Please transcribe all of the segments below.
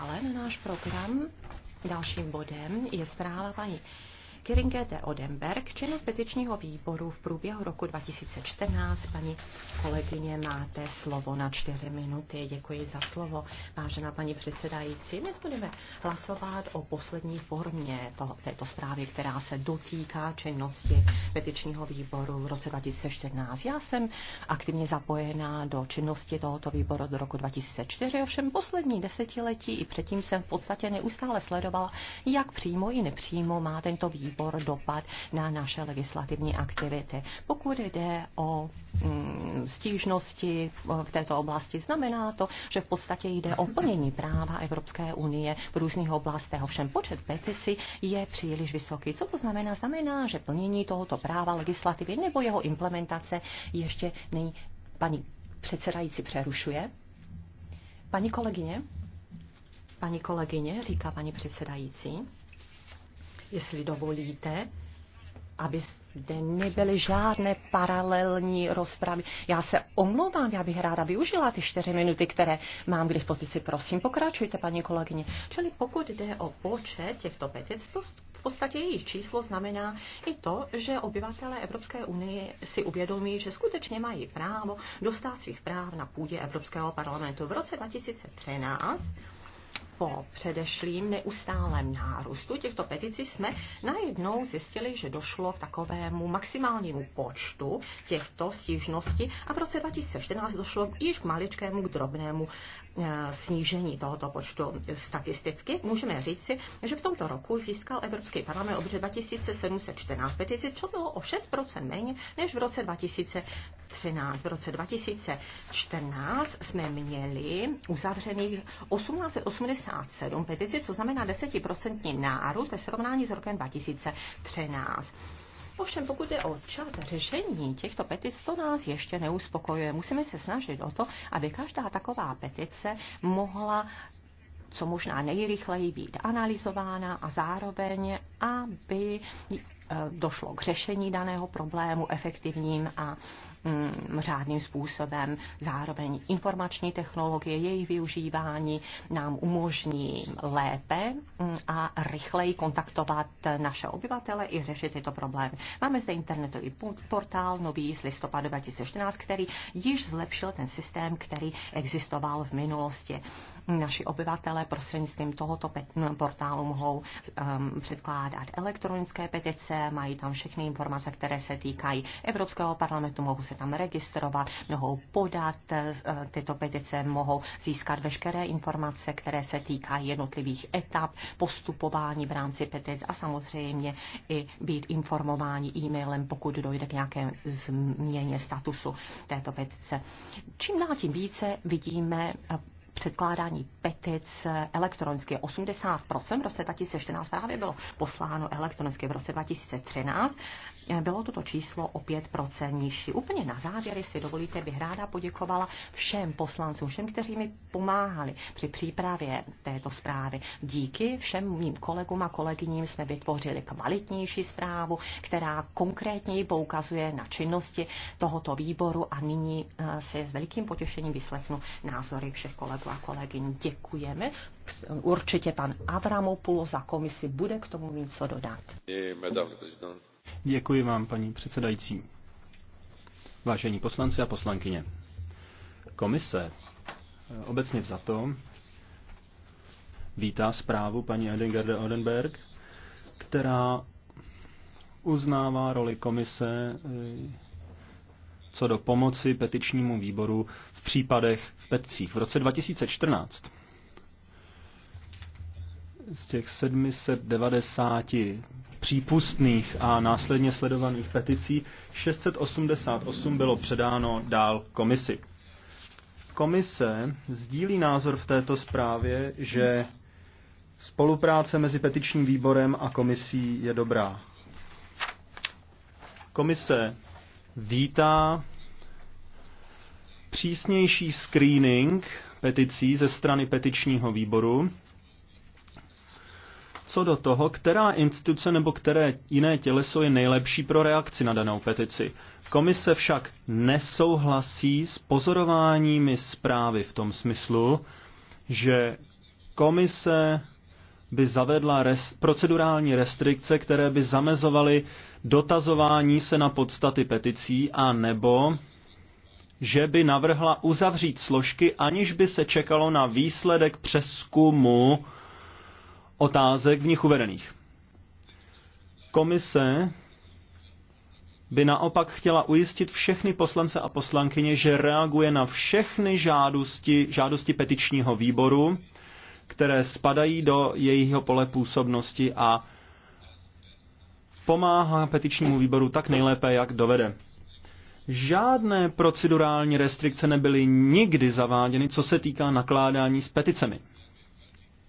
ale na náš program dalším bodem je zpráva paní Kiringete Odenberg, činnost petičního výboru v průběhu roku 2014. Paní kolegyně, máte slovo na čtyři minuty. Děkuji za slovo, vážená paní předsedající. Dnes budeme hlasovat o poslední formě to, této zprávy, která se dotýká činnosti petičního výboru v roce 2014. Já jsem aktivně zapojená do činnosti tohoto výboru do roku 2004, ovšem poslední desetiletí i předtím jsem v podstatě neustále sledovala, jak přímo i nepřímo má tento výbor výbor dopad na naše legislativní aktivity. Pokud jde o mm, stížnosti v této oblasti, znamená to, že v podstatě jde o plnění práva Evropské unie v různých oblastech. Ovšem počet petici je příliš vysoký. Co to znamená? Znamená, že plnění tohoto práva legislativy nebo jeho implementace ještě není. Paní předsedající přerušuje. Paní kolegyně? Paní kolegyně, říká paní předsedající jestli dovolíte, aby zde nebyly žádné paralelní rozpravy. Já se omlouvám, já bych ráda využila ty čtyři minuty, které mám k dispozici. Prosím, pokračujte, paní kolegyně. Čili pokud jde o počet těchto petic, to v podstatě jejich číslo znamená i to, že obyvatelé Evropské unie si uvědomí, že skutečně mají právo dostat svých práv na půdě Evropského parlamentu. V roce 2013 po předešlým neustálém nárůstu těchto peticí jsme najednou zjistili, že došlo k takovému maximálnímu počtu těchto stížností a v roce 2014 došlo již k maličkému, k drobnému eh, snížení tohoto počtu statisticky. Můžeme říci, že v tomto roku získal Evropský parlament obře 2714 petici, co bylo o 6% méně než v roce 2013. V roce 2014 jsme měli uzavřených 1880 67 petici, co znamená 10% nárůst ve srovnání s rokem 2013. Ovšem, pokud je o čas řešení těchto petic, to nás ještě neuspokojuje. Musíme se snažit o to, aby každá taková petice mohla co možná nejrychleji být analyzována a zároveň, aby eh, došlo k řešení daného problému efektivním a mm, řádným způsobem. Zároveň informační technologie, jejich využívání nám umožní lépe mm, a rychleji kontaktovat naše obyvatele i řešit tyto problémy. Máme zde internetový portál nový z listopadu 2014, který již zlepšil ten systém, který existoval v minulosti. Naši obyvatele prostřednictvím tohoto mm, portálu mohou um, předkládat elektronické petice, mají tam všechny informace, které se týkají Evropského parlamentu, mohou se tam registrovat, mohou podat eh, tyto petice, mohou získat veškeré informace, které se týkají jednotlivých etap postupování v rámci petic a samozřejmě i být informováni e-mailem, pokud dojde k nějaké změně statusu této petice. Čím dál tím více vidíme eh, předkládání petic elektronicky. 80% v roce 2014 právě bylo posláno elektronicky v roce 2013 bylo toto číslo o 5% nižší. Úplně na závěr, si dovolíte, bych ráda poděkovala všem poslancům, všem, kteří mi pomáhali při přípravě této zprávy. Díky všem mým kolegům a kolegyním jsme vytvořili kvalitnější zprávu, která konkrétněji poukazuje na činnosti tohoto výboru a nyní eh, se s velikým potěšením vyslechnu názory všech kolegů a kolegyň. Děkujeme. Určitě pan Avramopoulos za komisi bude k tomu mít co dodat. Je, eh, madame, Děkuji vám, paní předsedající. Vážení poslanci a poslankyně, komise eh, obecně vzato vítá zprávu paní Edengarde Odenberg, která uznává roli komise eh, co do pomoci petičnímu výboru v případech v petcích. V roce 2014 z těch 790 přípustných a následně sledovaných peticí 688 bylo předáno dál komisi. Komise sdílí názor v této zprávě, že spolupráce mezi petičním výborem a komisí je dobrá. Komise vítá přísnější screening peticí ze strany petičního výboru, co do toho, která instituce nebo které jiné těleso je nejlepší pro reakci na danou petici. Komise však nesouhlasí s pozorováními zprávy v tom smyslu, že komise by zavedla res, procedurální restrikce, které by zamezovaly dotazování se na podstaty peticí a nebo že by navrhla uzavřít složky, aniž by se čekalo na výsledek přeskumu otázek v nich uvedených. Komise by naopak chtěla ujistit všechny poslance a poslankyně, že reaguje na všechny žádosti, žádosti petičního výboru, které spadají do jejího pole působnosti a pomáhá petičnímu výboru tak nejlépe, jak dovede. Žádné procedurální restrikce nebyly nikdy zaváděny, co se týká nakládání s peticemi.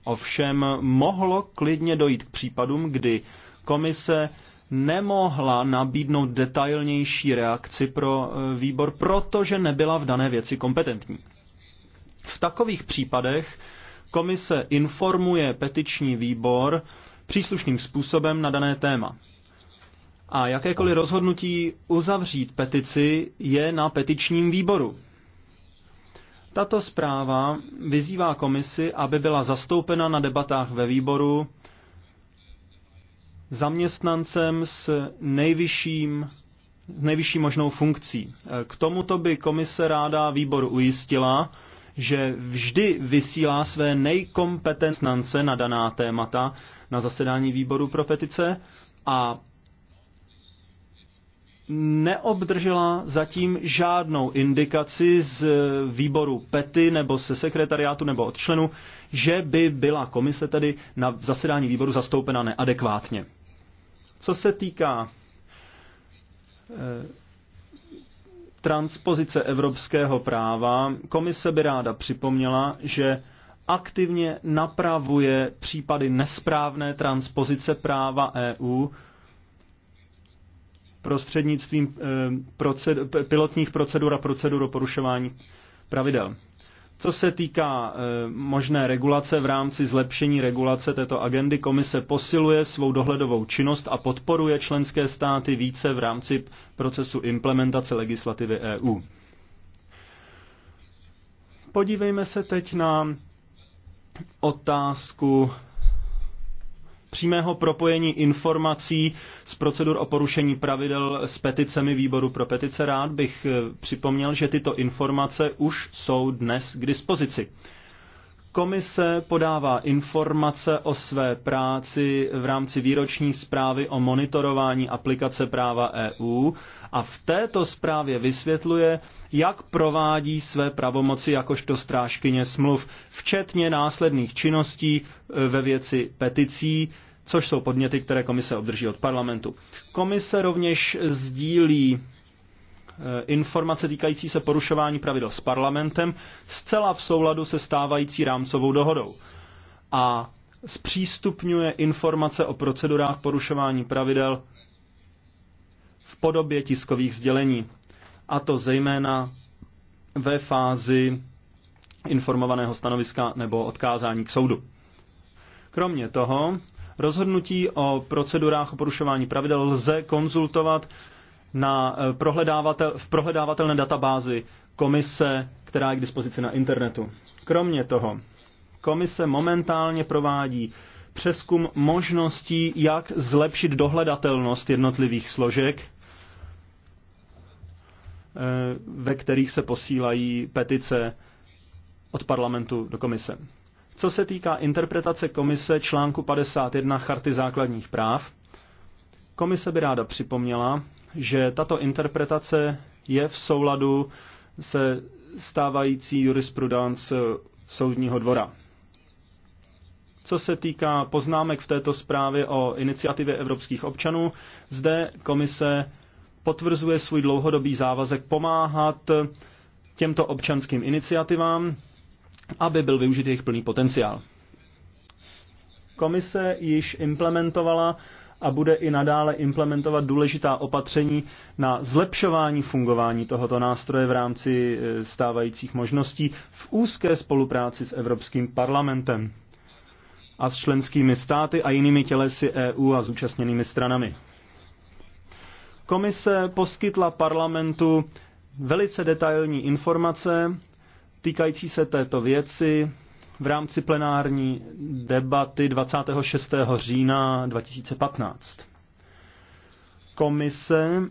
Ovšem mohlo klidně dojít k případům, kdy komise nemohla nabídnout detailnější reakci pro e, výbor, protože nebyla v dané věci kompetentní. V takových případech komise informuje petiční výbor příslušným způsobem na dané téma. A jakékoliv rozhodnutí uzavřít petici je na petičním výboru. Tato zpráva vyzývá komisi, aby byla zastoupena na debatách ve výboru zaměstnancem s nejvyšším s nejvyšší možnou funkcí. K tomuto by komise ráda výbor ujistila, že vždy vysílá své nejkompetentnance na daná témata na zasedání výboru pro petice a neobdržela zatím žádnou indikaci z výboru PETY nebo se sekretariátu nebo od členu, že by byla komise tedy na zasedání výboru zastoupena neadekvátně. Co se týká eh, transpozice evropského práva, komise by ráda připomněla, že aktivně napravuje případy nesprávné transpozice práva EU prostřednictvím eh, proced, pilotních procedur a procedur o porušování pravidel. Co se týká eh, možné regulace v rámci zlepšení regulace této agendy, komise posiluje svou dohledovou činnost a podporuje členské státy více v rámci procesu implementace legislativy EU. Podívejme se teď na otázku přímého propojení informací z procedur o porušení pravidel s peticemi výboru pro petice rád bych eh, připomněl, že tyto informace už jsou dnes k dispozici. Komise podává informace o své práci v rámci výroční zprávy o monitorování aplikace práva EU a v této zprávě vysvětluje, jak provádí své pravomoci jakožto strážkyně smluv, včetně následných činností e, ve věci peticí, což jsou podněty, které komise obdrží od parlamentu. Komise rovněž sdílí Eh, informace týkající se porušování pravidel s parlamentem zcela v souladu se stávající rámcovou dohodou a zpřístupňuje informace o procedurách porušování pravidel v podobě tiskových sdělení, a to zejména ve fázi informovaného stanoviska nebo odkázání k soudu. Kromě toho, rozhodnutí o procedurách o porušování pravidel lze konzultovat na eh, prohledávatel, v prohledávatelné databázi komise, která je k dispozici na internetu. Kromě toho, komise momentálně provádí přeskum možností, jak zlepšit dohledatelnost jednotlivých složek, eh, ve kterých se posílají petice od parlamentu do komise. Co se týká interpretace komise článku 51 Charty základních práv, komise by ráda připomněla, že tato interpretace je v souladu se stávající jurisprudence soudního dvora. Co se týká poznámek v této zprávě o iniciativě evropských občanů, zde komise potvrzuje svůj dlouhodobý závazek pomáhat těmto občanským iniciativám, aby byl využit jejich plný potenciál. Komise již implementovala a bude i nadále implementovat důležitá opatření na zlepšování fungování tohoto nástroje v rámci e, stávajících možností v úzké spolupráci s Evropským parlamentem a s členskými státy a jinými tělesy EU a zúčastněnými stranami. Komise poskytla parlamentu velice detailní informace týkající se této věci v rámci plenární debaty 26. října 2015. Komise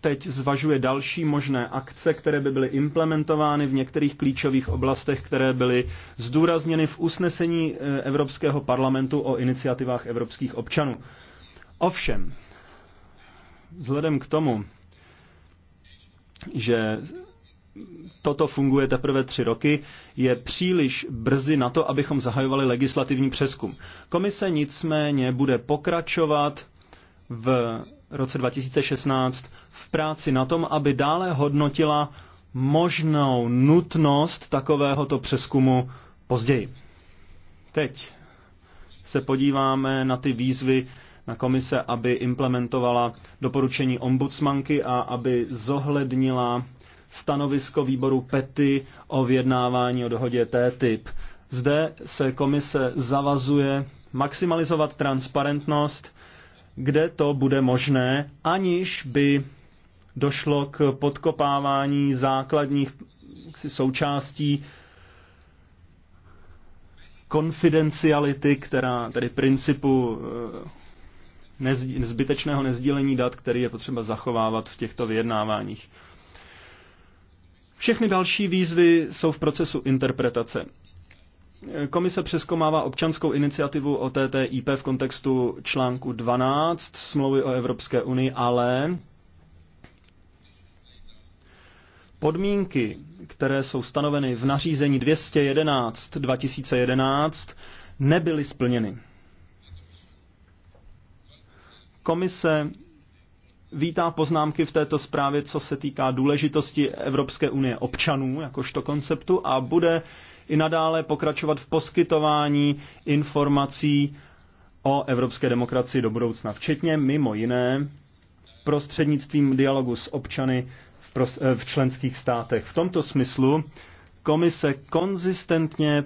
teď zvažuje další možné akce, které by byly implementovány v některých klíčových oblastech, které byly zdůrazněny v usnesení eh, Evropského parlamentu o iniciativách evropských občanů. Ovšem, vzhledem k tomu, že toto funguje teprve tři roky, je příliš brzy na to, abychom zahajovali legislativní přeskum. Komise nicméně bude pokračovat v roce 2016 v práci na tom, aby dále hodnotila možnou nutnost takovéhoto přeskumu později. Teď se podíváme na ty výzvy na komise, aby implementovala doporučení ombudsmanky a aby zohlednila stanovisko výboru PETY o vyjednávání o dohodě TTIP. Zde se komise zavazuje maximalizovat transparentnost, kde to bude možné, aniž by došlo k podkopávání základních součástí konfidenciality, která tedy principu eh, zbytečného nezdílení dat, který je potřeba zachovávat v těchto vyjednáváních. Všechny další výzvy jsou v procesu interpretace. Komise přeskomává občanskou iniciativu o TTIP v kontextu článku 12 smlouvy o Evropské unii, ale podmínky, které jsou stanoveny v nařízení 211 2011, nebyly splněny. Komise vítá poznámky v této zprávě, co se týká důležitosti Evropské unie občanů, jakožto konceptu, a bude i nadále pokračovat v poskytování informací o evropské demokracii do budoucna, včetně mimo jiné prostřednictvím dialogu s občany v, pros- eh, v členských státech. V tomto smyslu komise konzistentně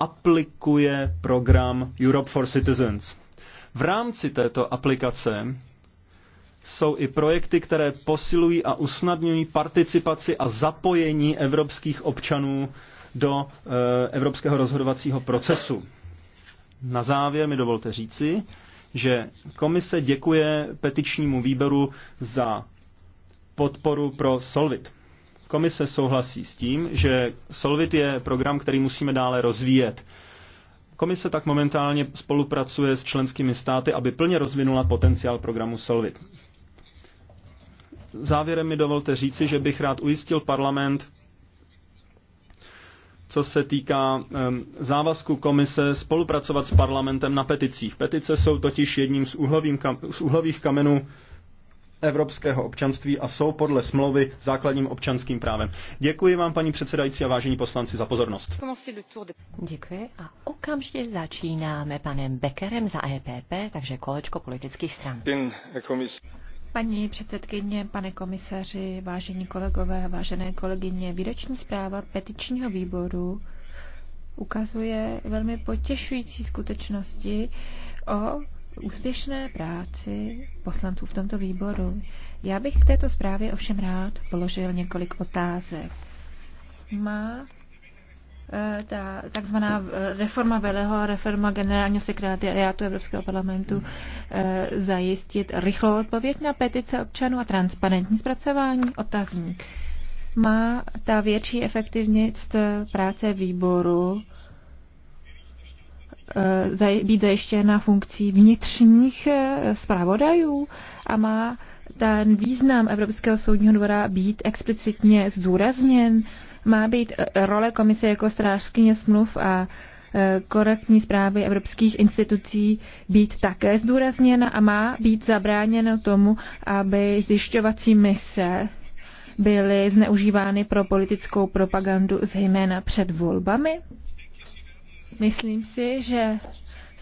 aplikuje program Europe for Citizens. V rámci této aplikace jsou i projekty, které posilují a usnadňují participaci a zapojení evropských občanů do eh, evropského rozhodovacího procesu. Na závěr mi dovolte říci, že komise děkuje petičnímu výboru za podporu pro Solvit. Komise souhlasí s tím, že Solvit je program, který musíme dále rozvíjet. Komise tak momentálně spolupracuje s členskými státy, aby plně rozvinula potenciál programu Solvit. Závěrem mi dovolte říci, že bych rád ujistil parlament, co se týká závazku komise spolupracovat s parlamentem na peticích. Petice jsou totiž jedním z, úhlových úhlavých kamenů evropského občanství a jsou podle smlouvy základním občanským právem. Děkuji vám, paní předsedající a vážení poslanci, za pozornost. Děkuji a okamžitě začínáme panem Beckerem za EPP, takže kolečko politických stran. Paní předsedkyně, pane komisaři, vážení kolegové, vážené kolegyně, výroční zpráva petičního výboru ukazuje velmi potěšující skutečnosti o úspěšné práci poslanců v tomto výboru. Já bych k této zprávě ovšem rád položil několik otázek. Má Eh, ta takzvaná eh, reforma Veleho, reforma generálního sekretariátu Evropského parlamentu eh, zajistit rychlou odpověď na petice občanů a transparentní zpracování otazník. Má ta větší efektivnost práce výboru být zajištěna funkcí vnitřních zpravodajů a má ten význam Evropského soudního dvora být explicitně zdůrazněn? Má být eh, role komise jako strážkyně smluv a eh, korektní zprávy evropských institucí být také zdůrazněna a má být zabráněno tomu, aby zjišťovací mise byly zneužívány pro politickou propagandu zejména před volbami? Myslím si, že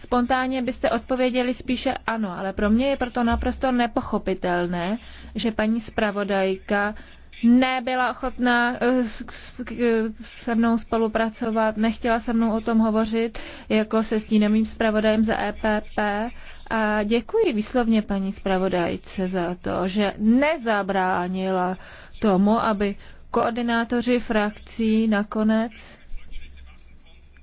spontánně byste odpověděli spíše ano, ale pro mě je proto naprosto nepochopitelné, že paní zpravodajka nebyla ochotná eh, eh, se mnou spolupracovat, nechtěla se mnou o tom hovořit, jako se stínovým zpravodajem za EPP. A děkuji výslovně paní zpravodajce za to, že nezabránila tomu, aby koordinátoři frakcí nakonec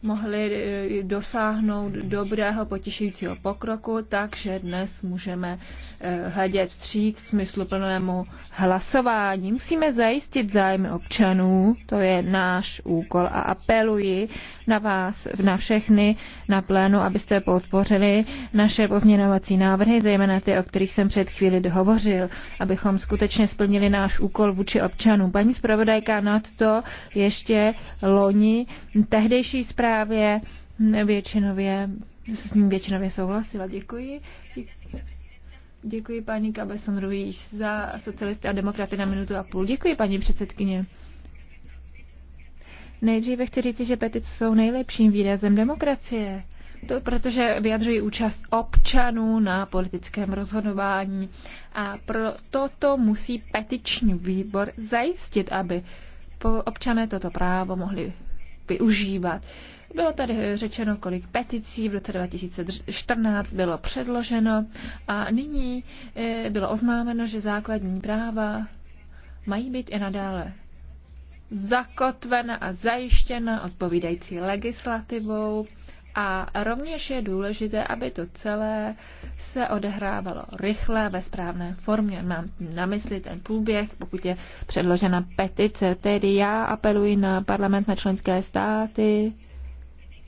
mohli eh, dosáhnout dobrého potěšujícího pokroku, takže dnes můžeme eh, hledět vstříc smysluplnému hlasování. Musíme zajistit zájmy občanů, to je náš úkol a apeluji na vás, na všechny, na plénu, abyste podpořili naše pozměňovací návrhy, zejména ty, o kterých jsem před chvíli dohovořil, abychom skutečně splnili náš úkol vůči občanům. Paní zpravodajka nad to ještě loni tehdejší zpráva právě většinově, s ním většinově souhlasila. Děkuji. Děkuji paní Kabeson Ruiz za socialisty a demokraty na minutu a půl. Děkuji paní předsedkyně. Nejdříve chci říct, že petice jsou nejlepším výrazem demokracie. To, protože vyjadřují účast občanů na politickém rozhodování. A pro toto musí petiční výbor zajistit, aby občané toto právo mohli využívat. Bylo tady řečeno, kolik peticí v roce 2014 bylo předloženo a nyní eh, bylo oznámeno, že základní práva mají být i nadále zakotvena a zajištěna odpovídající legislativou a rovněž je důležité, aby to celé se odehrávalo rychle ve správné formě. Mám na mysli ten průběh, pokud je předložena petice. Tedy já apeluji na parlament, na členské státy,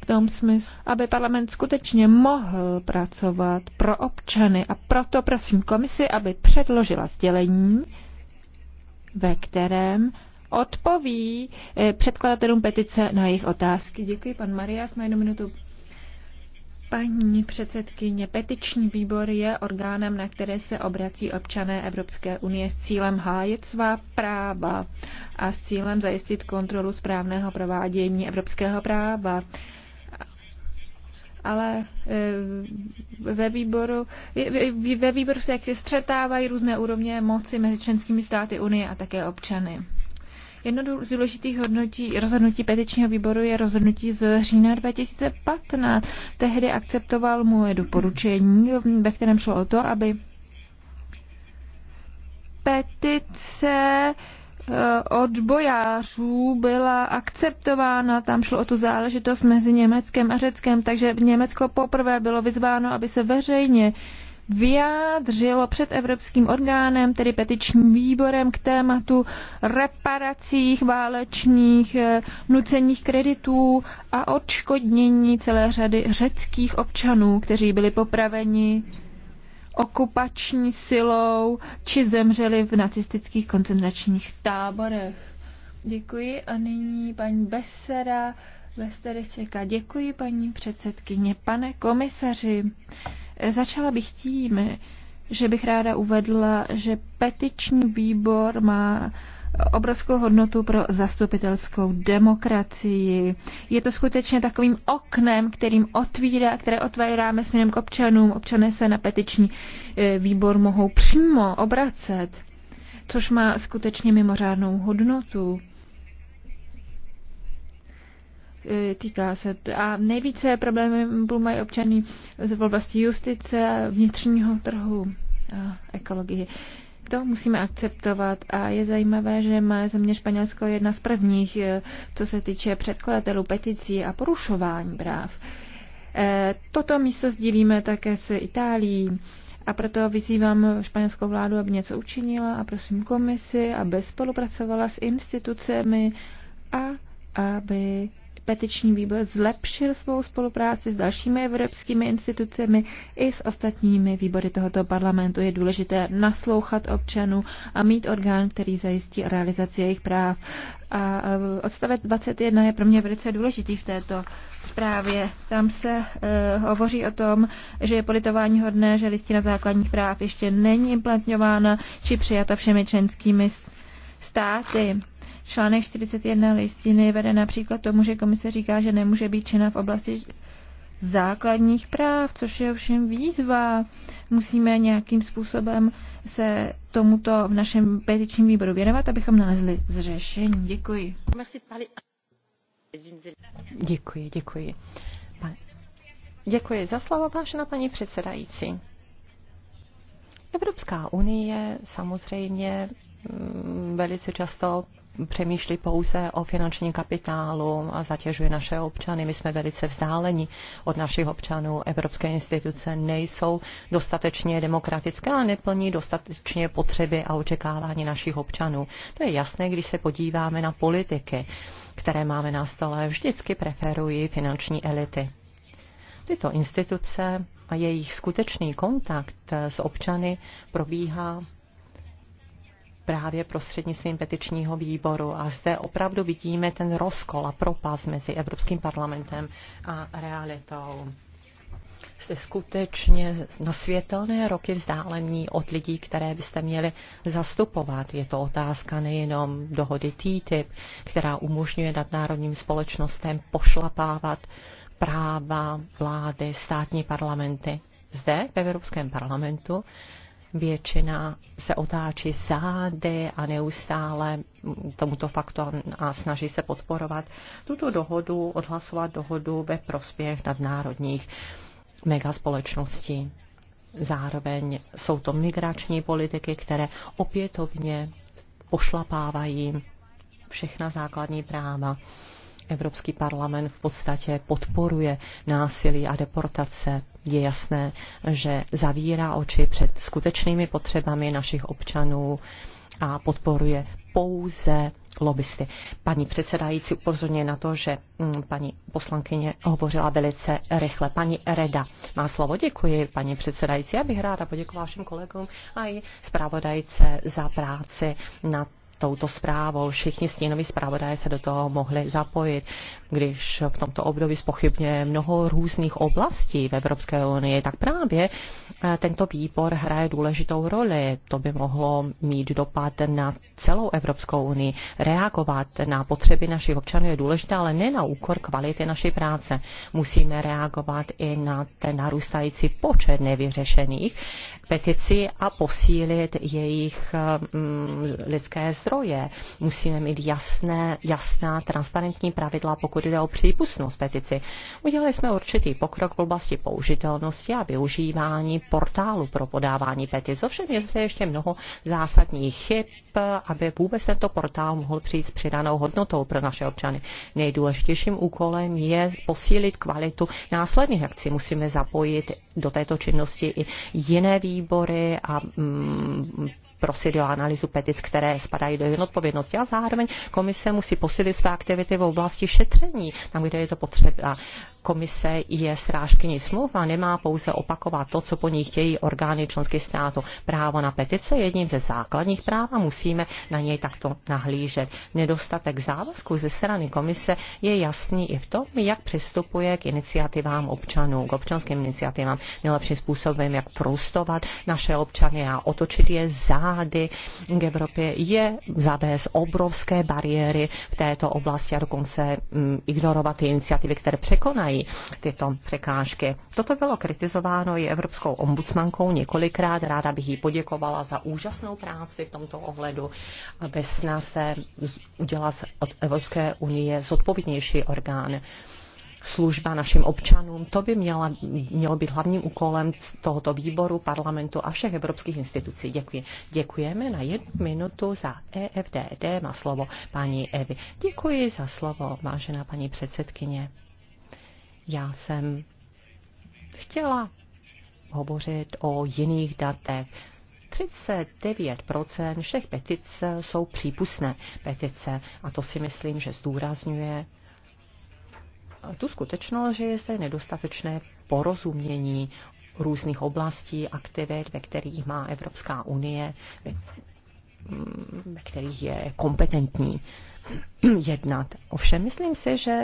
v tom smyslu, aby parlament skutečně mohl pracovat pro občany. A proto prosím komisi, aby předložila sdělení, ve kterém odpoví eh, předkladatelům petice na jejich otázky. Děkuji, pan Marias, na jednu minutu. Paní předsedkyně, petiční výbor je orgánem, na které se obrací občané Evropské unie s cílem hájit svá práva a s cílem zajistit kontrolu správného provádění evropského práva ale e, ve výboru, ve výboru se jaksi střetávají různé úrovně moci mezi členskými státy Unie a také občany. Jedno z důležitých hodnotí, rozhodnutí petičního výboru je rozhodnutí z října 2015. Tehdy akceptoval moje doporučení, ve kterém šlo o to, aby petice Eh, odbojářů byla akceptována, tam šlo o tu záležitost mezi Německem a Řeckem, takže Německo poprvé bylo vyzváno, aby se veřejně vyjádřilo před evropským orgánem, tedy petičním výborem k tématu reparacích válečných, eh, nucených kreditů a odškodnění celé řady řeckých občanů, kteří byli popraveni okupační silou či zemřeli v nacistických koncentračních táborech. Děkuji a nyní paní Besera Vesterečeka. Děkuji paní předsedkyně. Pane komisaři, začala bych tím, že bych ráda uvedla, že petiční výbor má obrovskou hodnotu pro zastupitelskou demokracii. Je to skutečně takovým oknem, kterým otvírá, které otvíráme směrem k občanům. Občané se na petiční eh, výbor mohou přímo obracet, což má skutečně mimořádnou hodnotu eh, týká se. A nejvíce problémy mají občany z oblasti justice, vnitřního trhu a ekologie. To musíme akceptovat a je zajímavé, že má země Španělsko jedna z prvních, eh, co se týče předkladatelů peticí a porušování práv. Eh, toto místo sdílíme také s Itálií a proto vyzývám španělskou vládu, aby něco učinila a prosím komisi, aby spolupracovala s institucemi a aby petiční výbor zlepšil svou spolupráci s dalšími evropskými institucemi i s ostatními výbory tohoto parlamentu. Je důležité naslouchat občanů a mít orgán, který zajistí realizaci jejich práv. A eh, odstavec 21 je pro mě velice důležitý v této zprávě. Tam se uh, hovoří o tom, že je politování hodné, že listina základních práv ještě není implementována či přijata všemi členskými státy. Článek 41 listiny vede například tomu, že komise říká, že nemůže být činná v oblasti základních práv, což je ovšem výzva. Musíme nějakým způsobem se tomuto v našem petičním výboru věnovat, abychom nalezli zřešení. Děkuji. Děkuji, děkuji. Pane. Děkuji za slovo, vážená paní předsedající. Evropská unie samozřejmě Mm, velice často přemýšlí pouze o finančním kapitálu a zatěžuje naše občany. My jsme velice vzdáleni od našich občanů. Evropské instituce nejsou dostatečně demokratické a neplní dostatečně potřeby a očekávání našich občanů. To je jasné, když se podíváme na politiky, které máme na stole. Vždycky preferují finanční elity. Tyto instituce a jejich skutečný kontakt s občany probíhá právě prostřednictvím petičního výboru. A zde opravdu vidíme ten rozkol a propast mezi Evropským parlamentem a realitou. Jste skutečně na světelné roky vzdálení od lidí, které byste měli zastupovat. Je to otázka nejenom dohody TTIP, která umožňuje nadnárodním společnostem pošlapávat práva vlády, státní parlamenty. Zde v Evropském parlamentu většina se otáčí zády a neustále tomuto faktu a snaží se podporovat tuto dohodu, odhlasovat dohodu ve prospěch nadnárodních megaspolečností. Zároveň jsou to migrační politiky, které opětovně pošlapávají všechna základní práva. Evropský parlament v podstatě podporuje násilí a deportace je jasné, že zavírá oči před skutečnými potřebami našich občanů a podporuje pouze lobbysty. Paní předsedající upozorňuje na to, že mm, paní poslankyně hovořila velice rychle. Paní Reda má slovo. Děkuji, paní předsedající. Já bych ráda poděkovala všem kolegům a i zpravodajce za práci na touto zprávou. Všichni stínoví zpravodaje se do toho mohli zapojit, když v tomto období spochybňuje mnoho různých oblastí v Evropské unii, tak právě eh, tento výbor hraje důležitou roli. To by mohlo mít dopad na celou Evropskou unii. Reagovat na potřeby našich občanů je důležité, ale ne na úkor kvality naší práce. Musíme reagovat i na ten narůstající počet nevyřešených petici a posílit jejich eh, mm, lidské zdroje zdroje. Musíme mít jasné, jasná, transparentní pravidla, pokud jde o přípustnost petici. Udělali jsme určitý pokrok v oblasti použitelnosti a využívání portálu pro podávání petic. Ovšem je zde ještě mnoho zásadních chyb, aby vůbec tento portál mohl přijít s přidanou hodnotou pro naše občany. Nejdůležitějším úkolem je posílit kvalitu následných akcí. Musíme zapojit do této činnosti i jiné výbory a mm, o analýzu petic, které spadají do jednotpovědnosti. A zároveň komise musí posílit své aktivity v oblasti šetření, tam, kde je to potřeba komise je strážkyní smluv a nemá pouze opakovat to, co po ní chtějí orgány členských států. Právo na petice je jedním ze základních práv a musíme na něj takto nahlížet. Nedostatek závazku ze strany komise je jasný i v tom, jak přistupuje k iniciativám občanů, k občanským iniciativám, nejlepším způsobem, jak prostovat naše občany a otočit je zády k Evropě, je zavést obrovské bariéry v této oblasti a dokonce mm, ignorovat ty iniciativy, které překonají překonávají tyto překážky. Toto bylo kritizováno i Evropskou ombudsmankou několikrát. Ráda bych jí poděkovala za úžasnou práci v tomto ohledu, aby se udělat od Evropské unie zodpovědnější orgán služba našim občanům. To by měla, mělo být hlavním úkolem tohoto výboru, parlamentu a všech evropských institucí. Děkuji. Děkujeme na jednu minutu za EFDD. Má slovo paní Evi. Děkuji za slovo, vážená paní předsedkyně. Já jsem chtěla hovořit o jiných datech. 39% všech petic jsou přípustné petice a to si myslím, že zdůrazňuje tu skutečnost, že je zde nedostatečné porozumění různých oblastí, aktivit, ve kterých má Evropská unie, ve, ve kterých je kompetentní jednat. Ovšem myslím si, že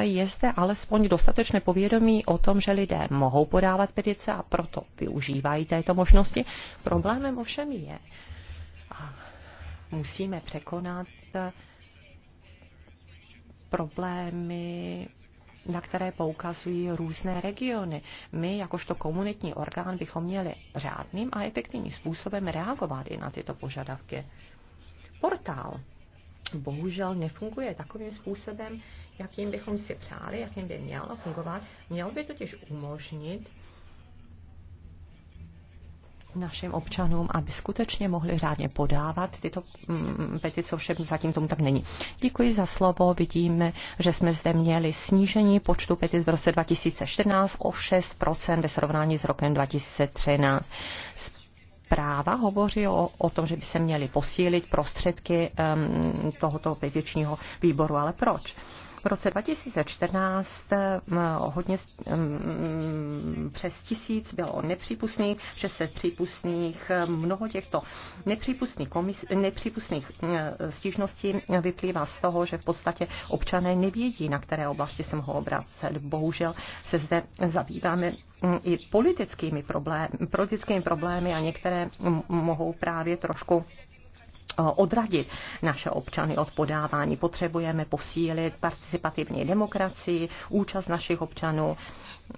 je zde alespoň dostatečné povědomí o tom, že lidé mohou podávat petice a proto využívají této možnosti. Problémem ovšem je, a musíme překonat eh, problémy na které poukazují různé regiony. My, jakožto komunitní orgán, bychom měli řádným a efektivním způsobem reagovat i na tyto požadavky. Portál bohužel nefunguje takovým způsobem, jakým bychom si přáli, jakým by měl fungovat, měl by totiž umožnit našim občanům, aby skutečně mohli řádně podávat tyto mm, petice, ovšem zatím tomu tak není. Děkuji za slovo. Vidíme, že jsme zde měli snížení počtu petic v roce 2014 o 6% ve srovnání s rokem 2013. Práva hovoří o, o tom, že by se měly posílit prostředky um, tohoto petičního výboru, ale proč? V roce 2014 hodně přes tisíc bylo nepřípustných, 600 přípustných, mnoho těchto nepřípustných, komis, nepřípustných stížností vyplývá z toho, že v podstatě občané nevědí, na které oblasti se mohou obracet. Bohužel se zde zabýváme i politickými problémy, politickými problémy a některé mohou právě trošku Eh, odradit naše občany od podávání. Potřebujeme posílit participativní demokracii, účast našich občanů.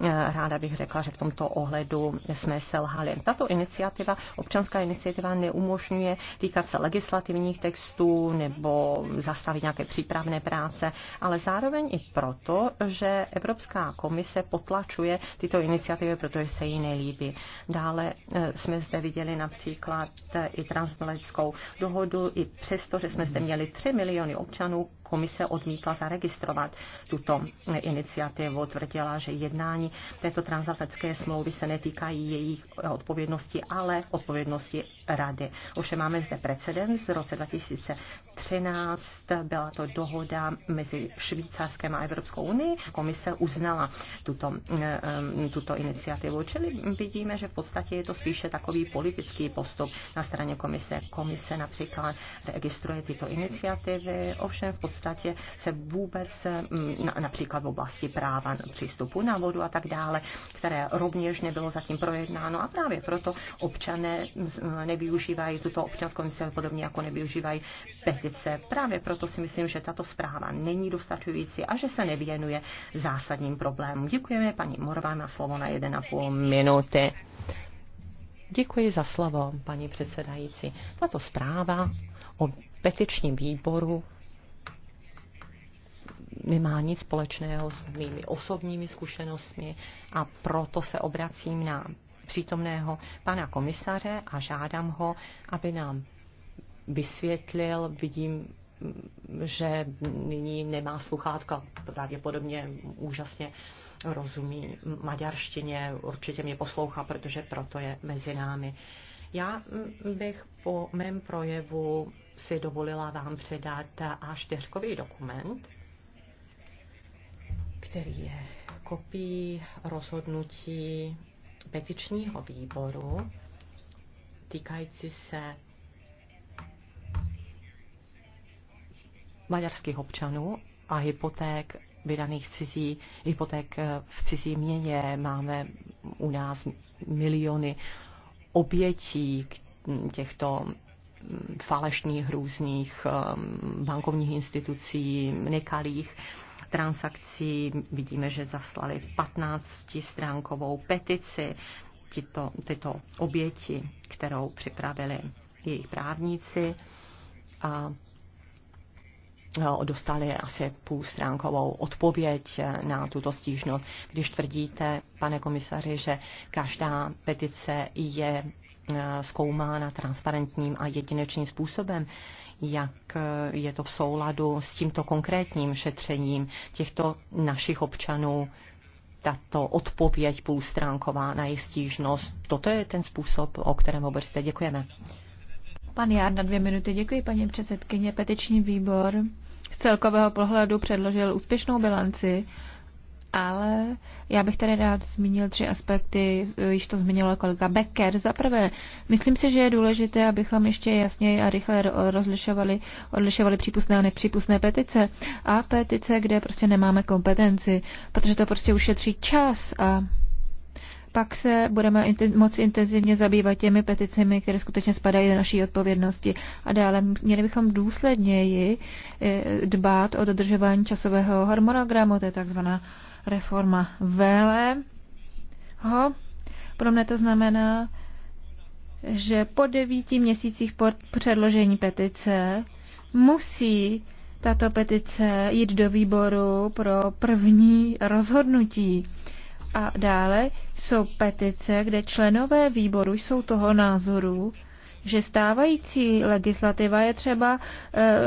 Eh, ráda bych řekla, že v tomto ohledu jsme selhali. Tato iniciativa, občanská iniciativa neumožňuje týkat se legislativních textů nebo zastavit nějaké přípravné práce, ale zároveň i proto, že Evropská komise potlačuje tyto iniciativy, protože se jí nelíbí. Dále eh, jsme zde viděli například i transatlantickou dohodu opravdu i přesto, že jsme zde měli 3 miliony občanů, komise odmítla zaregistrovat tuto iniciativu. Tvrdila, že jednání této transatlantické smlouvy se netýkají jejich odpovědnosti, ale odpovědnosti rady. Ovšem máme zde precedens. z roce 2013 byla to dohoda mezi Švýcarskem a Evropskou unii. Komise uznala tuto, eh, tuto iniciativu. Čili vidíme, že v podstatě je to spíše takový politický postup na straně komise. Komise například registruje tyto iniciativy, ovšem v podstatě podstatě se vůbec mm, například v oblasti práva přístupu na vodu a tak dále, které rovněž nebylo zatím projednáno a právě proto občané nevyužívají tuto občanskou iniciativu podobně jako nevyužívají petice. Právě proto si myslím, že tato zpráva není dostačující a že se nevěnuje zásadním problémům. Děkujeme paní Morová na slovo na 1,5 minuty. Děkuji za slovo, paní předsedající. Tato zpráva o petičním výboru nemá nic společného s mými osobními zkušenostmi a proto se obracím na přítomného pana komisaře a žádám ho, aby nám vysvětlil, vidím, že nyní nemá sluchátka, pravděpodobně úžasně rozumí maďarštině, určitě mě poslouchá, protože proto je mezi námi. Já bych po mém projevu si dovolila vám předat A4 dokument, který je kopií rozhodnutí petičního výboru týkající se maďarských občanů a hypoték vydaných cizí, hypoték eh, v cizí měně. Máme u nás miliony obětí těchto mm, falešných různých eh, bankovních institucí, nekalých transakcí. Vidíme, že zaslali 15-stránkovou petici tyto, tyto oběti, kterou připravili jejich právníci. A dostali asi půlstránkovou odpověď eh, na tuto stížnost. Když tvrdíte, pane komisaři, že každá petice je Eh, zkoumána transparentním a jedinečným způsobem, jak eh, je to v souladu s tímto konkrétním šetřením těchto našich občanů, tato odpověď půlstránková na jejich stížnost. Toto je ten způsob, o kterém hovoříte. Děkujeme. Pan Jár na dvě minuty. Děkuji, paní předsedkyně. Petiční výbor z celkového pohledu předložil úspěšnou bilanci ale já bych tady rád zmínil tři aspekty, eh, již to zmínila kolega Becker. Za prvé, myslím si, že je důležité, abychom ještě jasněji a rychle rozlišovali, odlišovali přípustné a nepřípustné petice a petice, kde prostě nemáme kompetenci, protože to prostě ušetří čas a pak se budeme moc intenzivně zabývat těmi peticemi, které skutečně spadají do naší odpovědnosti. A dále měli bychom důsledněji eh, dbát o dodržování časového harmonogramu, to je takzvaná reforma Ho. Pro mě to znamená, že po devíti měsících po předložení petice musí tato petice jít do výboru pro první rozhodnutí. A dále jsou petice, kde členové výboru jsou toho názoru, že stávající legislativa je třeba, eh,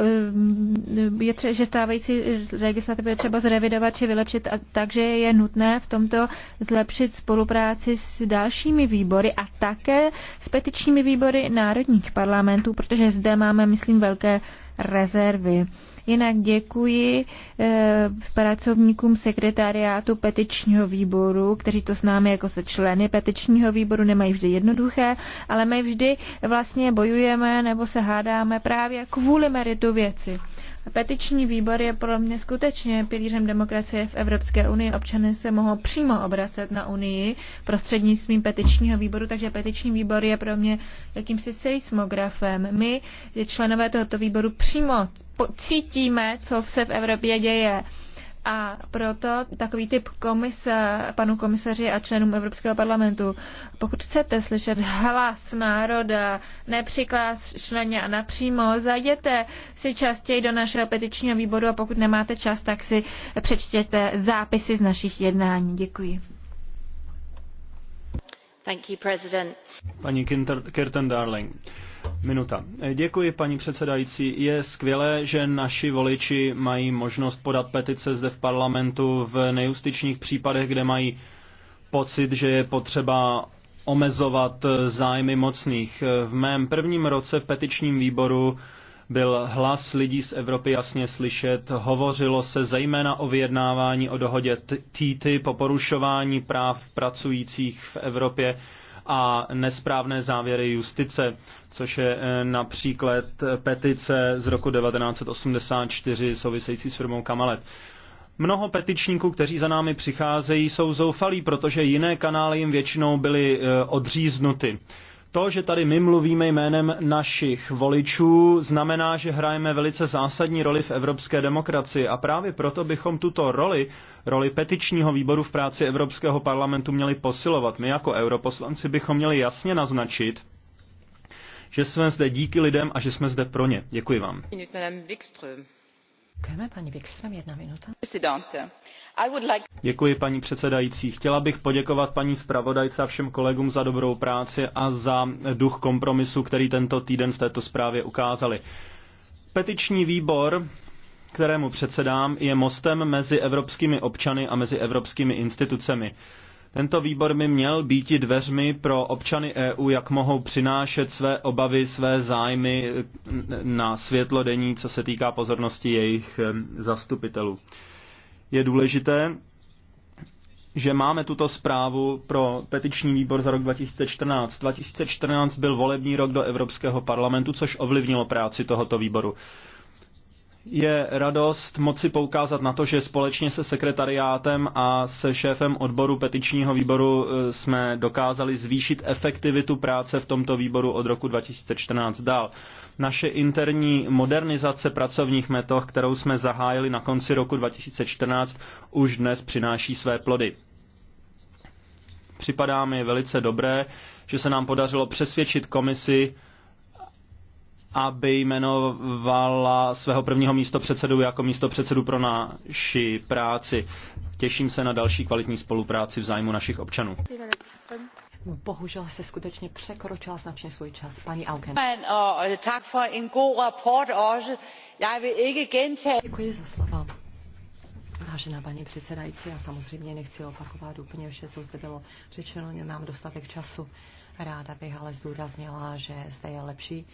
je tře- že stávající legislativa je třeba zrevidovat či vylepšit, a takže je nutné v tomto zlepšit spolupráci s dalšími výbory a také s petičními výbory národních parlamentů, protože zde máme, myslím, velké rezervy. Jinak děkuji eh, pracovníkům sekretariátu petičního výboru, kteří to s námi jako se členy petičního výboru nemají vždy jednoduché, ale my vždy vlastně bojujeme nebo se hádáme právě kvůli meritu věci. Petiční výbor je pro mě skutečně pilířem demokracie v Evropské unii. Občany se mohou přímo obracet na unii prostřednictvím petičního výboru, takže petiční výbor je pro mě jakýmsi seismografem. My, členové tohoto výboru, přímo cítíme, co se v Evropě děje a proto takový typ komise, panu komisaři a členům Evropského parlamentu, pokud chcete slyšet hlas národa, nepřiklášleně a napřímo, zajděte si častěji do našeho petičního výboru a pokud nemáte čas, tak si přečtěte zápisy z našich jednání. Děkuji. Thank you, President. Paní Kirtan Darling. Minuta. Děkuji, paní předsedající. Je skvělé, že naši voliči mají možnost podat petice zde v parlamentu v nejustičních případech, kde mají pocit, že je potřeba omezovat zájmy mocných. V mém prvním roce v petičním výboru byl hlas lidí z Evropy jasně slyšet. Hovořilo se zejména o vyjednávání o dohodě TTIP, po porušování práv pracujících v Evropě a nesprávné závěry justice, což je eh, například petice z roku 1984 související s firmou Kamalet. Mnoho petičníků, kteří za námi přicházejí, jsou zoufalí, protože jiné kanály jim většinou byly eh, odříznuty. To, že tady my mluvíme jménem našich voličů, znamená, že hrajeme velice zásadní roli v evropské demokracii a právě proto bychom tuto roli, roli petičního výboru v práci Evropského parlamentu měli posilovat. My jako europoslanci bychom měli jasně naznačit, že jsme zde díky lidem a že jsme zde pro ně. Děkuji vám. Děkuji, paní předsedající. Chtěla bych poděkovat paní zpravodajce a všem kolegům za dobrou práci a za duch kompromisu, který tento týden v této zprávě ukázali. Petiční výbor kterému předsedám, je mostem mezi evropskými občany a mezi evropskými institucemi. Tento výbor by měl být dveřmi pro občany EU, jak mohou přinášet své obavy, své zájmy na světlo denní, co se týká pozornosti jejich zastupitelů. Je důležité, že máme tuto zprávu pro petiční výbor za rok 2014. 2014 byl volební rok do Evropského parlamentu, což ovlivnilo práci tohoto výboru je radost moci poukázat na to, že společně se sekretariátem a se šéfem odboru petičního výboru e, jsme dokázali zvýšit efektivitu práce v tomto výboru od roku 2014 dál. Naše interní modernizace pracovních metod, kterou jsme zahájili na konci roku 2014, už dnes přináší své plody. Připadá mi velice dobré, že se nám podařilo přesvědčit komisi, aby jmenovala svého prvního místo předsedu jako místo předsedu pro naši práci. Těším se na další kvalitní spolupráci v zájmu našich občanů. Bohužel se skutečně překročila značně svůj čas. Paní Auken. Øh, Děkuji za slova. Vážená paní předsedající, já samozřejmě nechci opakovat úplně vše, co zde bylo řečeno, nám dostatek času. Ráda bych ale zdůraznila, že zde je lepší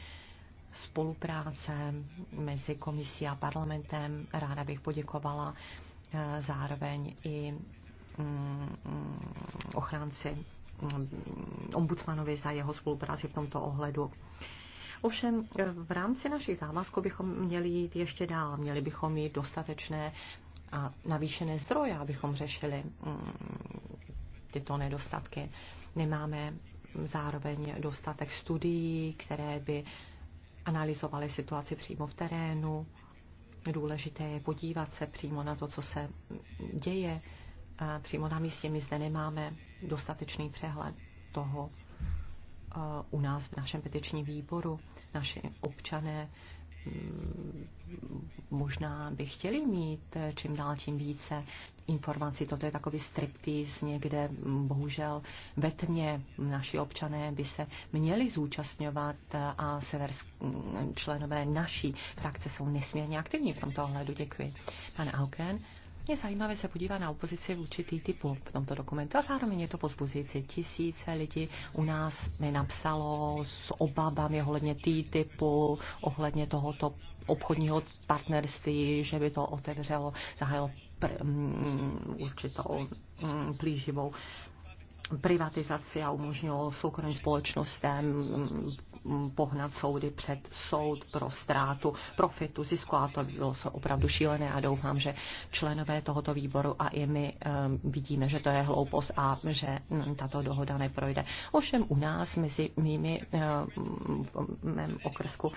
spolupráce mezi komisí a parlamentem. Ráda bych poděkovala eh, zároveň i mm, ochránci mm, ombudsmanovi za jeho spolupráci v tomto ohledu. Ovšem eh, v rámci našich závazků bychom měli jít ještě dál. Měli bychom mít dostatečné a navýšené zdroje, abychom řešili mm, tyto nedostatky. Nemáme zároveň dostatek studií, které by analyzovali situaci přímo v terénu. Důležité je podívat se přímo na to, co se děje. A přímo na místě my zde nemáme dostatečný přehled toho, eh, u nás v našem petičním výboru naši občané Mm, možná by chtěli mít eh, čím dál tím více informací. Toto je takový striptease někde, mm, bohužel ve tmě naši občané by se měli zúčastňovat eh, a seversk, mm, členové naší frakce jsou nesmírně aktivní v tomto ohledu. Děkuji. Pane Auken. Je zajímavé se podívat na opozici vůči typu v tomto dokumentu a zároveň je to pozbuzující. Tisíce lidí u nás mi napsalo s obavami ohledně typu, ohledně tohoto obchodního partnerství, že by to otevřelo, zahájilo pr, um, určitou mm, plíživou privatizaci a umožnilo soukromým společnostem pohnat soudy před soud pro ztrátu profitu, zisku a to bylo se opravdu šílené a doufám, že členové tohoto výboru a i my vidíme, že to je hloupost a že tato dohoda neprojde. Ovšem u nás mezi mými mém okrsku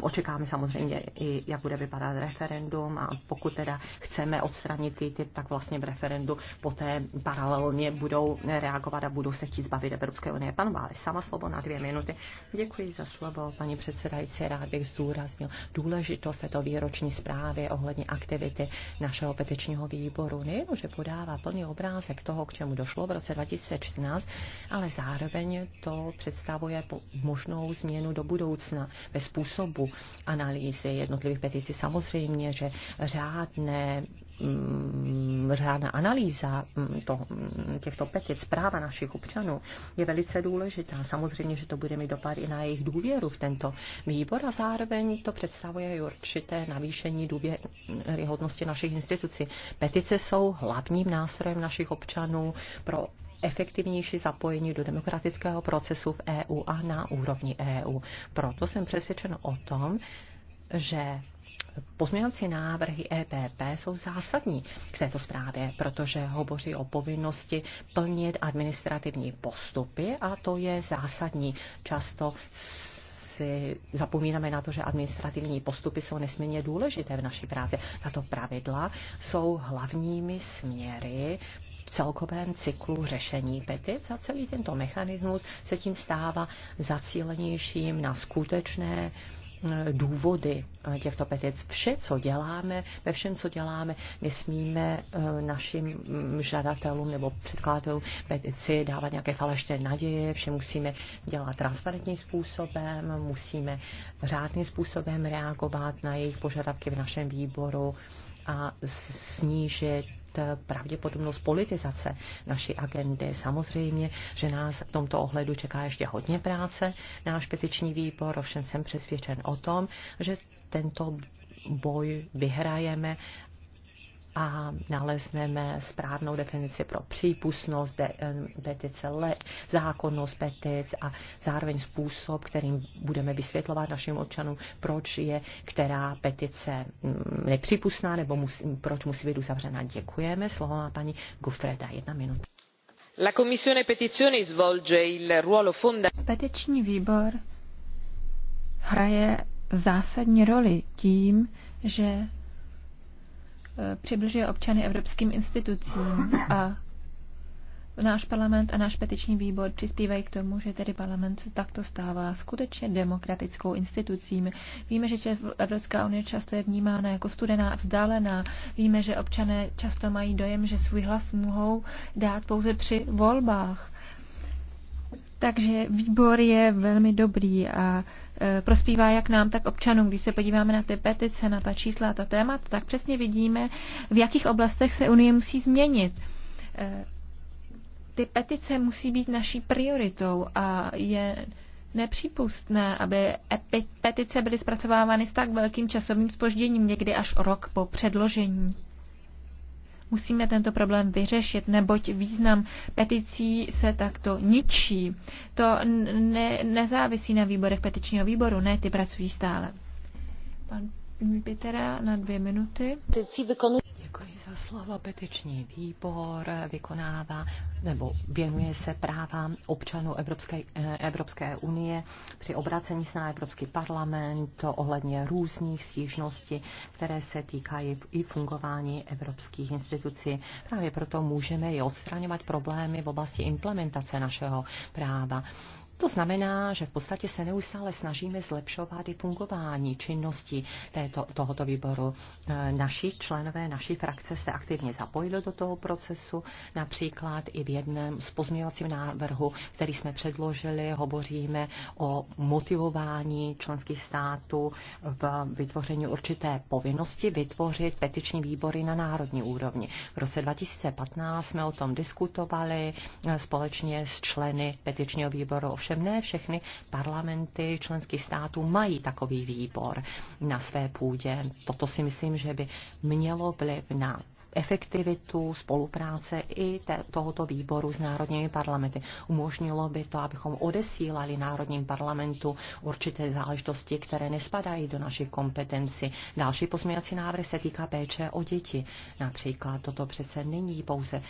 očekáváme samozřejmě i, jak bude vypadat referendum a pokud teda chceme odstranit ty, tak vlastně v referendu poté paralelně budou budou reagovat a budou se chtít zbavit Evropské unie. Pan Vále, sama slovo na dvě minuty. Děkuji za slovo, paní předsedající. Rád bych zdůraznil důležitost této výroční zprávy ohledně aktivity našeho petičního výboru. Nejenom, že podává plný obrázek toho, k čemu došlo v roce 2014, ale zároveň to představuje možnou změnu do budoucna ve způsobu analýzy jednotlivých petici. Samozřejmě, že řádné Mm, řádná analýza mm, to, mm, těchto petic, práva našich občanů je velice důležitá. Samozřejmě, že to bude mít dopad i na jejich důvěru v tento výbor a zároveň to představuje i určité navýšení důvěryhodnosti našich institucí. Petice jsou hlavním nástrojem našich občanů pro efektivnější zapojení do demokratického procesu v EU a na úrovni EU. Proto jsem přesvědčen o tom, že pozměňovací návrhy EPP jsou zásadní k této zprávě, protože hovoří o povinnosti plnit administrativní postupy a to je zásadní. Často si zapomínáme na to, že administrativní postupy jsou nesmírně důležité v naší práci. Tato pravidla jsou hlavními směry v celkovém cyklu řešení petic a celý tento mechanismus se tím stává zacílenějším na skutečné uh, důvody těchto petic. Vše, co děláme, ve všem, co děláme, nesmíme eh, našim žadatelům nebo předkladatelům petici dávat nějaké falešné naděje, vše musíme dělat transparentním způsobem, musíme řádným způsobem reagovat na jejich požadavky v našem výboru a snížit Eh, pravděpodobnost politizace naší agendy. Samozřejmě, že nás v tomto ohledu čeká ještě hodně práce. Náš petiční výbor, ovšem jsem přesvědčen o tom, že tento boj vyhrajeme a nalezneme správnou definici pro přípustnost de, petice, le, zákonnost petic a zároveň způsob, kterým budeme vysvětlovat našim občanům, proč je která petice mm, nepřípustná nebo musí, proč musí být uzavřena. Děkujeme. Slovo má paní Gufreda. Jedna minuta. La Commissione Petizioni svolge il ruolo fondamentale. Petiční výbor hraje zásadní roli tím, že přibližuje občany evropským institucím a náš parlament a náš petiční výbor přispívají k tomu, že tedy parlament se takto stává skutečně demokratickou institucí. Víme, že Evropská unie často je vnímána jako studená a vzdálená. Víme, že občané často mají dojem, že svůj hlas mohou dát pouze při volbách. Takže výbor je velmi dobrý a e, prospívá jak nám, tak občanům. Když se podíváme na ty petice, na ta čísla, ta témat, tak přesně vidíme, v jakých oblastech se Unie musí změnit. E, ty petice musí být naší prioritou a je nepřípustné, aby petice byly zpracovávány s tak velkým časovým spožděním, někdy až rok po předložení. Musíme tento problém vyřešit, neboť význam peticí se takto ničí. To ne, nezávisí na výborech petičního výboru, ne, ty pracují stále. Pan Pitera na dvě minuty slovo. Petiční výbor vykonává nebo věnuje se právám občanů Evropské, eh, Evropské unie při obracení se na Evropský parlament ohledně různých stížností, které se týkají i fungování evropských institucí. Právě proto můžeme i odstraňovat problémy v oblasti implementace našeho práva. To znamená, že v podstatě se neustále snažíme zlepšovat i fungování činnosti této, tohoto výboru. E, naši členové, naší frakce se aktivně zapojili do toho procesu. Například i v jednom z pozměňovacím návrhu, který jsme předložili, hovoříme o motivování členských států v vytvoření určité povinnosti vytvořit petiční výbory na národní úrovni. V roce 2015 jsme o tom diskutovali e, společně s členy petičního výboru. Ovšem ne všechny parlamenty členských států mají takový výbor na své půdě. Toto si myslím, že by mělo vliv na efektivitu spolupráce i te, tohoto výboru s národními parlamenty. Umožnilo by to, abychom odesílali národním parlamentu určité záležitosti, které nespadají do našich kompetenci. Další pozměňovací návrh se týká péče o děti. Například toto přece není pouze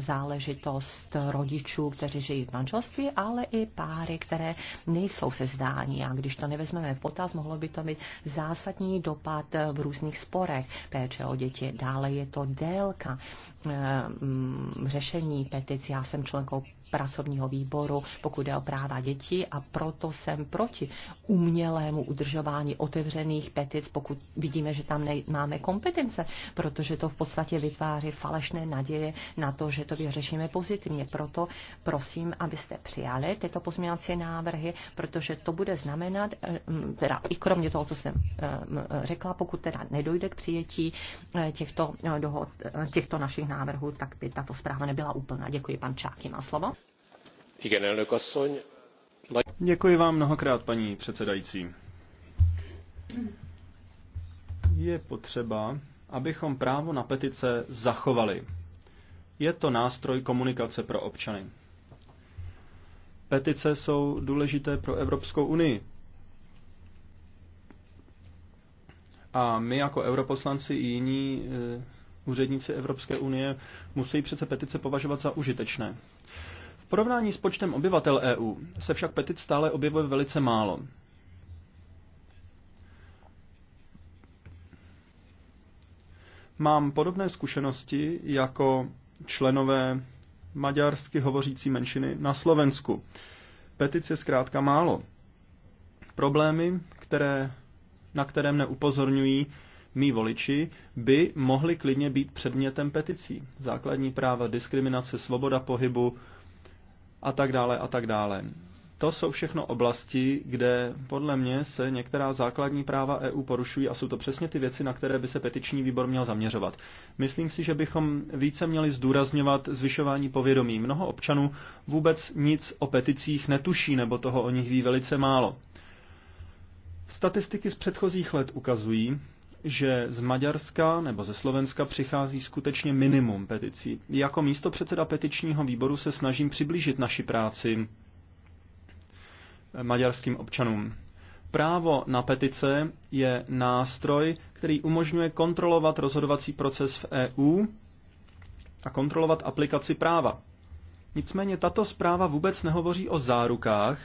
záležitost rodičů, kteří žijí v manželství, ale i páry, které nejsou se zdání. A když to nevezmeme v potaz, mohlo by to mít zásadní dopad v různých sporech péče o děti. Dále je to délka Eh, mm, řešení petic. Já jsem členkou pracovního výboru, pokud jde o práva dětí a proto jsem proti umělému udržování otevřených petic, pokud vidíme, že tam nemáme kompetence, protože to v podstatě vytváří falešné naděje na to, že to vyřešíme pozitivně. Proto prosím, abyste přijali tyto pozměňovací návrhy, protože to bude znamenat, eh, mm, teda i kromě toho, co jsem eh, mm, řekla, pokud teda nedojde k přijetí těchto, dohod, těchto našich těch návrhů, tak by tato zpráva nebyla úplná. Děkuji, pan Čáky, má slovo. Děkuji vám mnohokrát, paní předsedající. Je potřeba, abychom právo na petice zachovali. Je to nástroj komunikace pro občany. Petice jsou důležité pro Evropskou unii. A my jako europoslanci i jiní eh, úředníci Evropské unie musí přece petice považovat za užitečné. V porovnání s počtem obyvatel EU se však petic stále objevuje velice málo. Mám podobné zkušenosti jako členové maďarsky hovořící menšiny na Slovensku. Petic je zkrátka málo. Problémy, které, na které mne upozorňují, mý voliči by mohli klidně být předmětem peticí. Základní práva, diskriminace, svoboda pohybu a tak dále a tak dále. To jsou všechno oblasti, kde podle mě se některá základní práva EU porušují a jsou to přesně ty věci, na které by se petiční výbor měl zaměřovat. Myslím si, že bychom více měli zdůrazňovat zvyšování povědomí. Mnoho občanů vůbec nic o peticích netuší nebo toho o nich ví velice málo. Statistiky z předchozích let ukazují, že z Maďarska nebo ze Slovenska přichází skutečně minimum peticí. Jako místo předseda petičního výboru se snažím přiblížit naši práci maďarským občanům. Právo na petice je nástroj, který umožňuje kontrolovat rozhodovací proces v EU a kontrolovat aplikaci práva. Nicméně tato zpráva vůbec nehovoří o zárukách,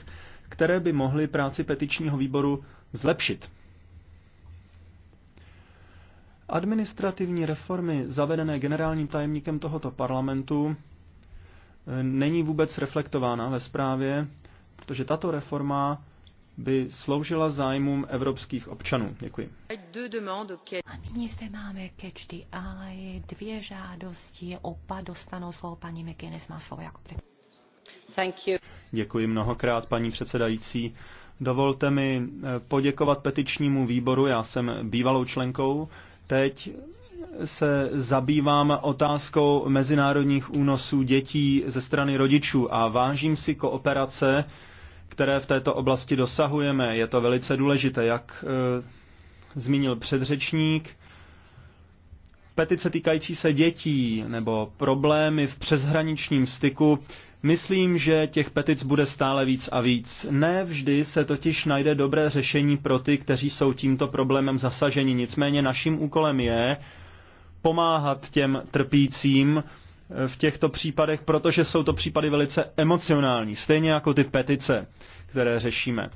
které by mohly práci petičního výboru zlepšit. Administrativní reformy zavedené generálním tajemníkem tohoto parlamentu eh, není vůbec reflektována ve zprávě, protože tato reforma by sloužila zájmům evropských občanů. Děkuji. A nyní zde máme catch the eye, dvě žádosti, Opa dostanou slovo paní McGuinness má slovo jako první. Thank you. Děkuji mnohokrát, paní předsedající. Dovolte mi eh, poděkovat petičnímu výboru. Já jsem bývalou členkou Teď se zabývám otázkou mezinárodních únosů dětí ze strany rodičů a vážím si kooperace, které v této oblasti dosahujeme. Je to velice důležité, jak e, zmínil předřečník. Petice týkající se dětí nebo problémy v přeshraničním styku Myslím, že těch petic bude stále víc a víc. Ne vždy se totiž najde dobré řešení pro ty, kteří jsou tímto problémem zasaženi. Nicméně naším úkolem je pomáhat těm trpícím eh, v těchto případech, protože jsou to případy velice emocionální, stejně jako ty petice, které řešíme.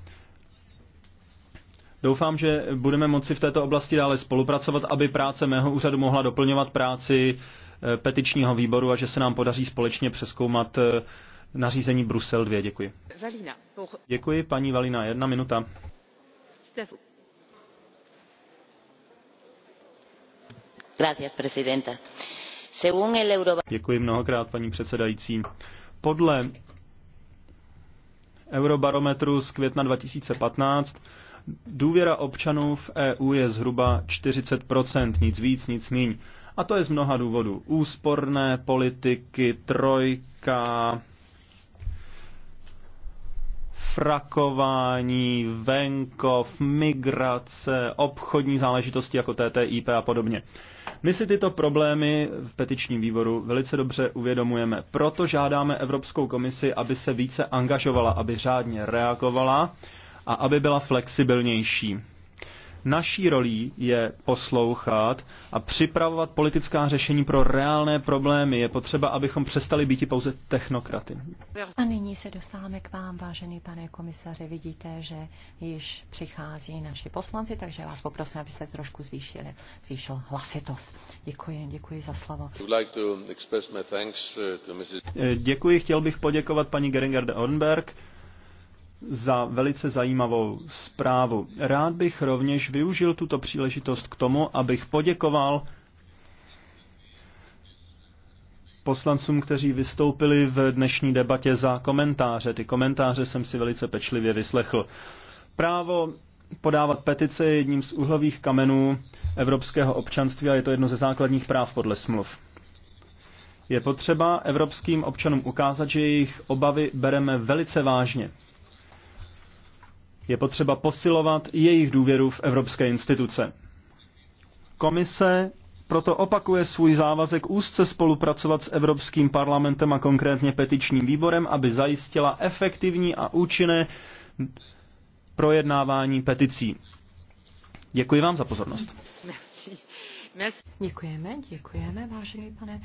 Doufám, že budeme moci v této oblasti dále spolupracovat, aby práce mého úřadu mohla doplňovat práci Eh, petičního výboru a že se nám podaří společně přeskoumat eh, nařízení Brusel 2. Děkuji. Děkuji, paní Valina. Jedna minuta. Děkuji mnohokrát, paní předsedající. Podle Eurobarometru z května 2015 důvěra občanů v EU je zhruba 40%, nic víc, nic míň. A to je z mnoha důvodů. Úsporné politiky, trojka, frakování, venkov, migrace, obchodní záležitosti jako TTIP a podobně. My si tyto problémy v petičním výboru velice dobře uvědomujeme. Proto žádáme Evropskou komisi, aby se více angažovala, aby řádně reagovala a aby byla flexibilnější. Naší rolí je poslouchat a připravovat politická řešení pro reálné problémy. Je potřeba, abychom přestali být pouze technokraty. A nyní se dostáváme k vám, vážený pane komisaře. Vidíte, že již přichází naši poslanci, takže vás poprosím, abyste trošku zvýšili, zvýšil hlasitost. Děkuji, děkuji za slovo. Uh, eh, děkuji, chtěl bych poděkovat paní Geringer de Orenberg, za velice zajímavou zprávu. Rád bych rovněž využil tuto příležitost k tomu, abych poděkoval poslancům, kteří vystoupili v dnešní debatě za komentáře. Ty komentáře jsem si velice pečlivě vyslechl. Právo podávat petice je jedním z uhlových kamenů evropského občanství a je to jedno ze základních práv podle smluv. Je potřeba evropským občanům ukázat, že jejich obavy bereme velice vážně. Je potřeba posilovat jejich důvěru v evropské instituce. Komise proto opakuje svůj závazek úzce spolupracovat s Evropským parlamentem a konkrétně petičním výborem, aby zajistila efektivní a účinné projednávání peticí. Děkuji vám za pozornost. Děkujeme, děkujeme, vážený pane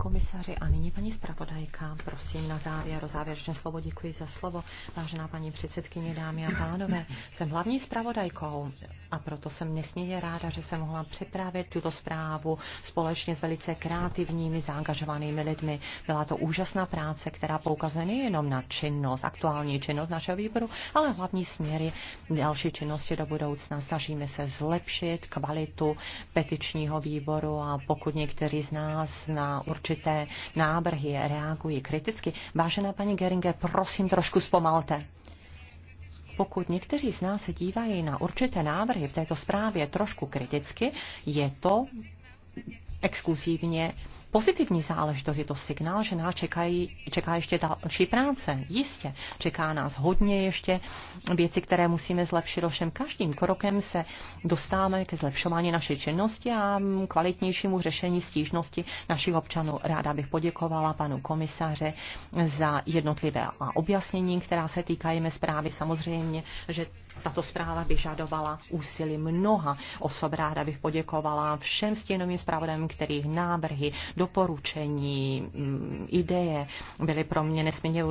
komisaři. A nyní paní zpravodajka, prosím na závěr, závěrečné slovo, děkuji za slovo. Vážená paní předsedkyně, dámy a pánové, jsem hlavní zpravodajkou a proto jsem nesmírně ráda, že jsem mohla připravit tuto zprávu společně s velice kreativními, zaangažovanými lidmi. Byla to úžasná práce, která poukazuje nejenom na činnost, aktuální činnost našeho výboru, ale hlavní směry další činnosti do budoucna. Snažíme se zlepšit kvalitu petičního petičního výboru a pokud někteří z nás na určité návrhy reagují kriticky, vážená paní Geringe, prosím trošku zpomalte. Pokud někteří z nás se dívají na určité návrhy v této zprávě trošku kriticky, je to exkluzivně pozitivní záležitost, je to signál, že nás čekají, čeká ještě další práce. Jistě, čeká nás hodně ještě věci, které musíme zlepšit. Ovšem každým krokem se dostáváme ke zlepšování naší činnosti a kvalitnějšímu řešení stížnosti našich občanů. Ráda bych poděkovala panu komisaře za jednotlivé a objasnění, která se týkají mé zprávy. Samozřejmě, že tato zpráva vyžadovala úsilí mnoha osob. Ráda bych poděkovala všem stěnovým zpravodajům, kterých návrhy, doporučení, mm, ideje byly pro mě nesmírně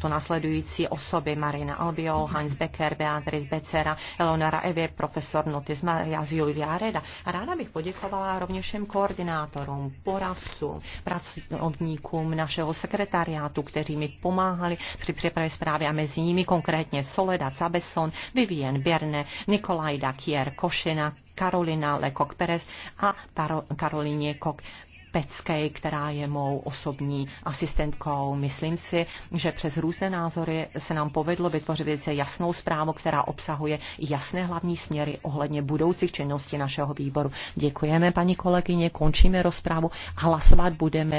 to následující osoby Marina Albiol, Heinz Becker, Beatrice Becera, Eleonora Evě, profesor Notis Marias Julia Reda. A ráda bych poděkovala rovněž všem koordinátorům, poradcům, pracovníkům našeho sekretariátu, kteří mi pomáhali při přípravě zprávy a mezi nimi konkrétně Soledad Zabeson, Vivi Vivien Berne, Nikolaj Dakier, Košina, Karolina Lekok Perez a Paro- Karolině Kok Pecké, která je mou osobní asistentkou. Myslím si, že přes různé názory se nám povedlo vytvořit velice jasnou zprávu, která obsahuje jasné hlavní směry ohledně budoucích činností našeho výboru. Děkujeme, paní kolegyně, končíme rozprávu. Hlasovat budeme